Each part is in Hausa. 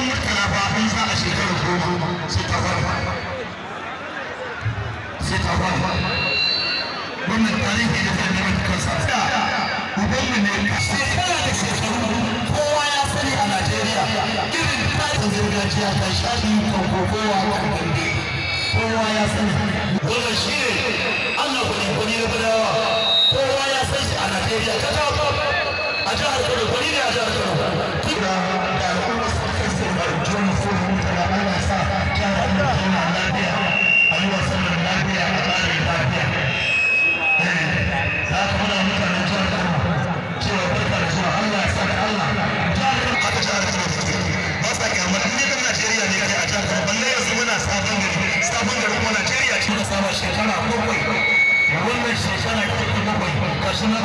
gidan murtala ba an sa a shekarar goma sai ta farfa sai ta farfa wannan tarihi da zan yi mata kansa da ubanmu ne shekara da shekaru kowa ya sani a Najeriya irin tarihin gargajiya ta shaɗi kan kowa kan dande kowa ya sani wannan shi ne Allah kwani-kwani na badawa kowa ya san shi a Najeriya ta a jihar Kano kwani ne a jihar Kano शिक्षण शेषण अपूर्व नवीन शेषण अटके पूर्व कशुना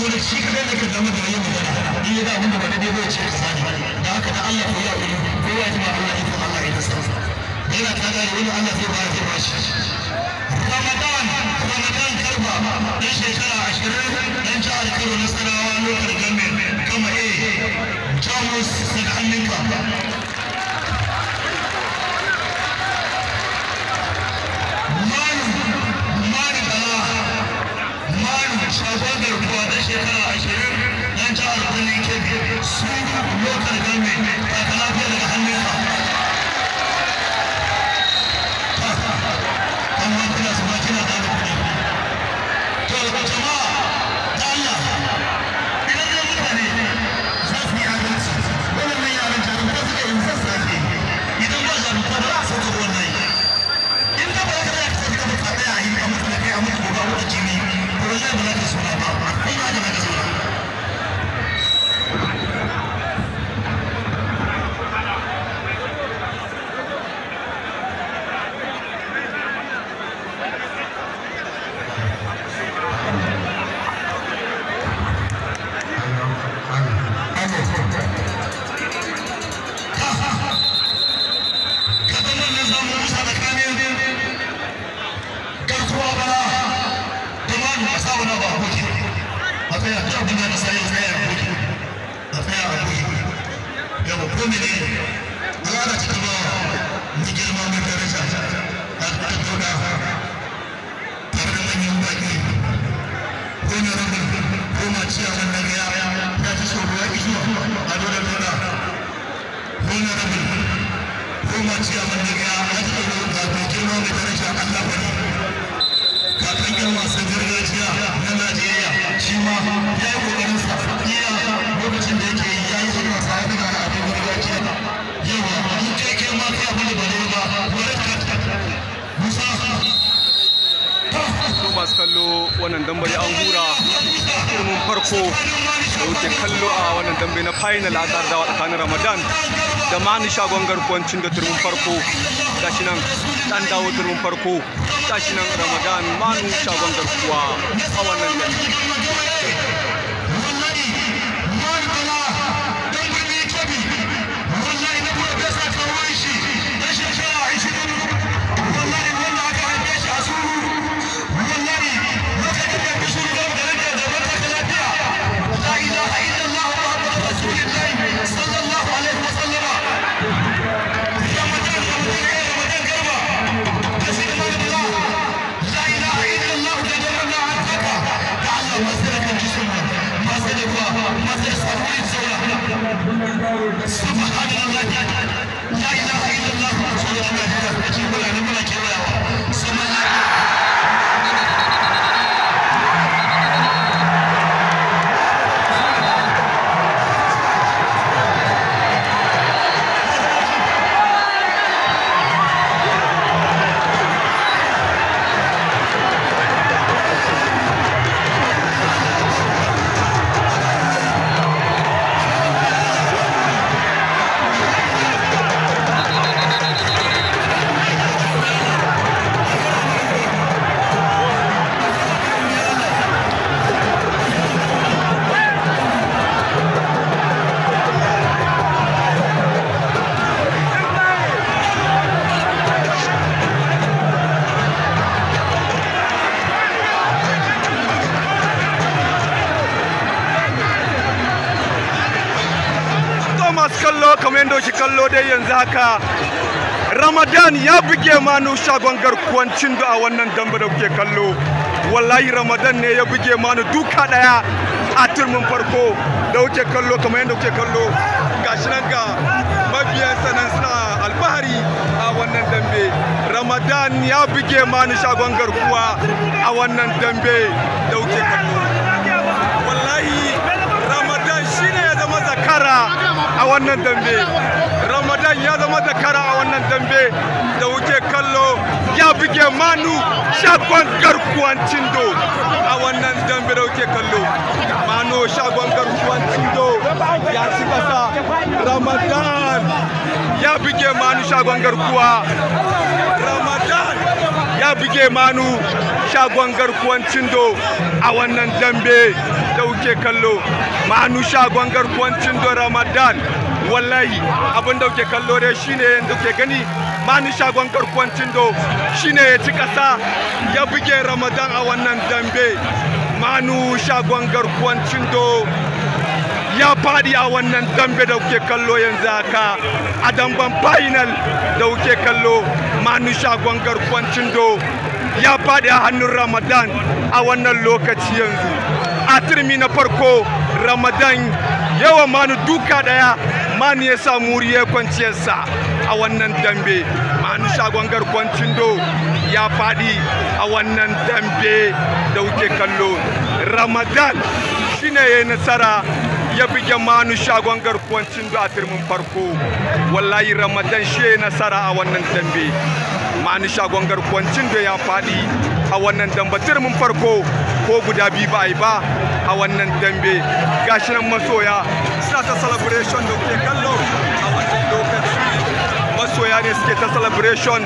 dole shi kadai da ke zama da yin magana in ya ga abin da ba daidai ba ya ce sani da haka da Allah ko ya kuri ko ya ji Allah Allah ya yana ta da wani Allah zai ba zai shi Ramadan karba dan shekara 20 dan jihar Kano Nasarawa lokacin kama eh Jamus da hannunka shekara ashirin yan jihar birnin kebbi sun lokar gami ba da lafiya daga hannunka wannan dambe an hura firmin farko da wuce kallo a wannan dambe na final a tsardawa tsakanin ramadan da mani shagon garkuwancin da turmin farko gashi nan dan dawo turmin farko gashi nan ramadan manu shagon garkuwa a wannan dambe Sabah kadar mun doki kallo dai yanzu haka ramadan ya buge manu shagon garkuwan cindo a wannan damba da kuke kallo wallahi ramadan ne ya buge manu duka daya a turmin farko da kuke kallo kamar yadda kuke kallo gashi nan ga mabiyan sanan suna alfahari a wannan dambe ramadan ya buge manu shagon garkuwa a wannan dambe da kuke kallo zakara a wannan dambe ramadan ya zama zakara a wannan dambe da wuce kallo ya buge manu shagon garkuwan cindo a wannan dambe da wuce kallo manu shagon garkuwan cindo ya ci kasa ramadan ya buge manu shagon garkuwa ramadan ya buge manu shagon garkuwan cindo a wannan dambe da kuke kallo ma'anu shagon garkuwancin da ramadan wallahi abin da kuke kallo dai shine yanzu ke gani ma'anu shagon garkuwancin do shine ya ci kasa ya buge ramadan a wannan dambe ma'anu shagon garkuwancin do ya faɗi a wannan dambe da kuke kallo yanzu haka a damban final da kuke kallo ma'anu shagon garkuwancin do ya faɗi a hannun ramadan a wannan lokaci yanzu a turmi na farko ramadan yawan manu duka daya Mani ya sa wuriyar kwanciyarsa a wannan dambe manu shagon garkon cindo ya faɗi a wannan dambe da wuke kallo ramadan shine ya yi nasara ya buge manu shagon garkuwan cindo a turmin farko wallahi ramadan shi ya yi nasara a wannan dambe manu shagon garkuwan cindo ya faɗi a wannan dambe turmin farko ko guda biyu ba yi ba a wannan dambe gashi nan masoya suna ta celebration da kuke kallo a wannan lokaci masoya ne suke ta celebration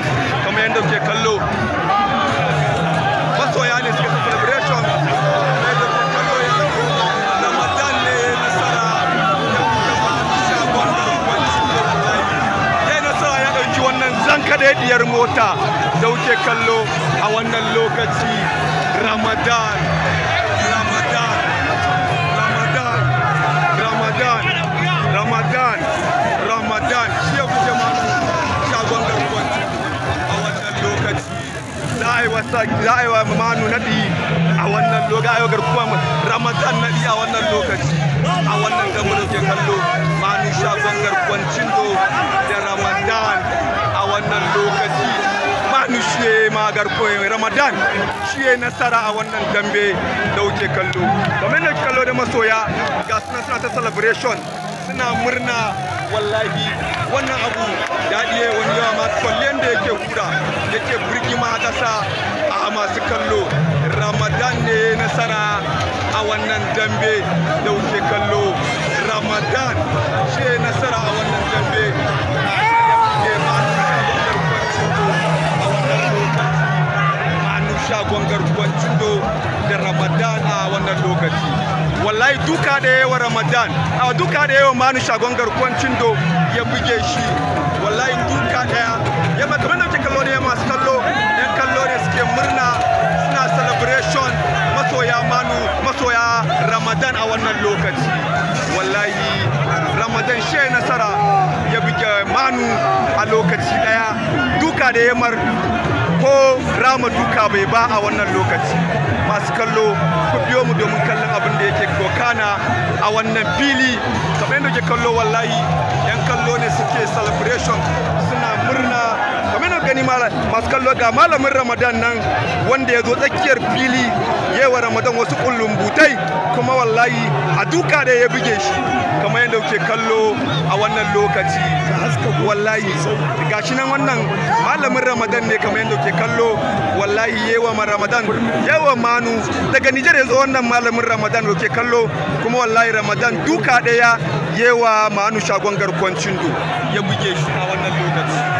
kamar yadda kuke kallo masoya ne suke ta celebration zan kaɗe diyar mota da wuce kallo a wannan lokaci Ramadan Ramadan Ramadan Ramadan Ramadan Ramadan shi shagon garkon a wannan lokaci za a yi wasa za a yi wa manu naɗi a wannan a Ramadan kallo manu shagon garkon da Ramadan a kanu shi magar koyon ramadan shi ya nasara a wannan dambe da wuce kallo kamar da kallo da masoya ga suna suna ta celebration suna murna wallahi wannan abu daɗi ya wani yawa masu kwallon da yake hura yake burgi a ƙasa a masu kallo ramadan ne nasara a wannan dambe da wuce kallo ramadan shi nasara a wannan dambe takon garkuwan judo da ramadan a wannan lokaci wallahi duka da yawa ramadan a duka da yawa manu shagon garkuwan cindo ya buge shi wallahi duka daya ya ba kamar da kallo ne masu kallo yan kallo ne suke murna suna celebration masoya manu masoya ramadan a wannan lokaci wallahi ramadan shi nasara ya buge manu a lokaci daya duka da yamar ko rama duka bai ba a wannan lokaci masu kallo ku biyo mu domin kallon abin da yake kokana a wannan fili kamar yadda ke kallo wallahi yan kallo ne suke celebration suna murna gani masu kallo ga malamin ramadan nan wanda ya zo tsakiyar fili yawa ramadan wasu kullum butai kuma wallahi a duka da ya buge shi kamar yadda kuke kallo a wannan lokaci wallahi shi nan wannan malamin ramadan ne kamar yadda kuke kallo wallahi yawa ma ramadan yawa manu daga nijar ya zo wannan malamin ramadan kuke kallo kuma wallahi ramadan duka daya yawa manu shagon garkon cindo ya buge shi a wannan lokaci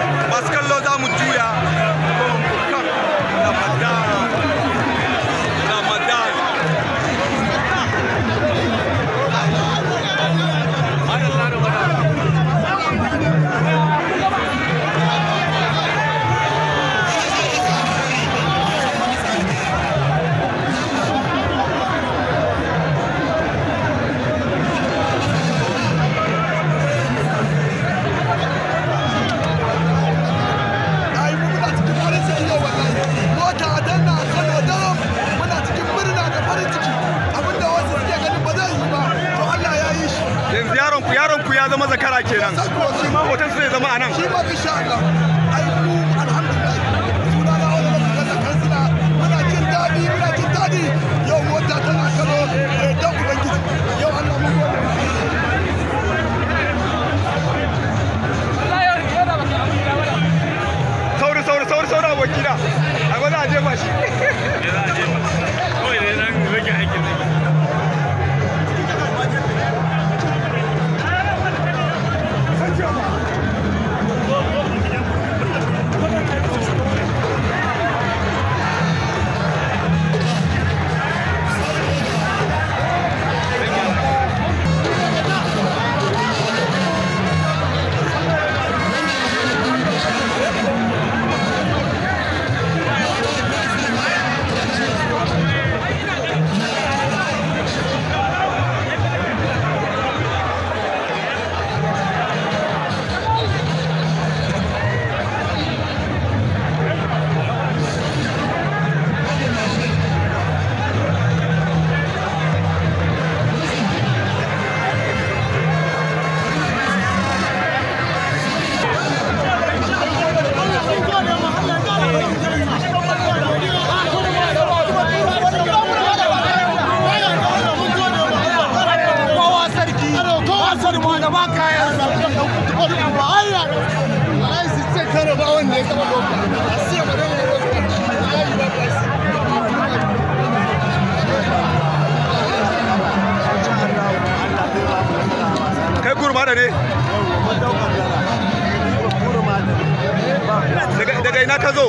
a nan. Shi ma insha Allah. kurmada ne daga ina ka zo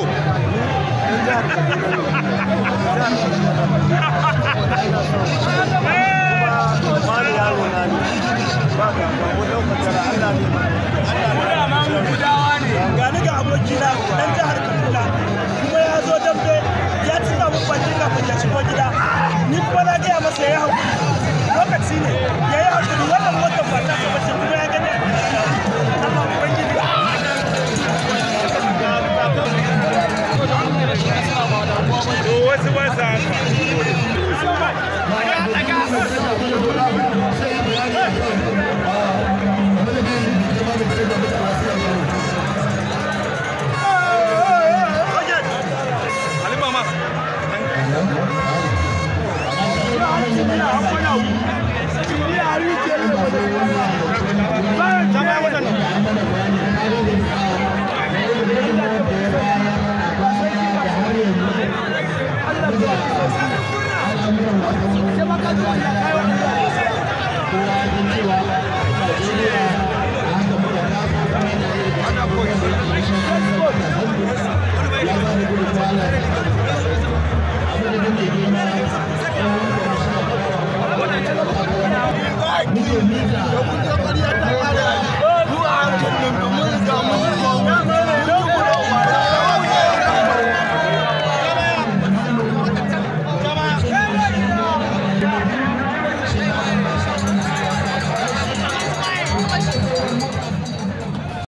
abokina ya zo dambe ci kafin ya gida ni kuma na gaya masa ya hau lokaci ne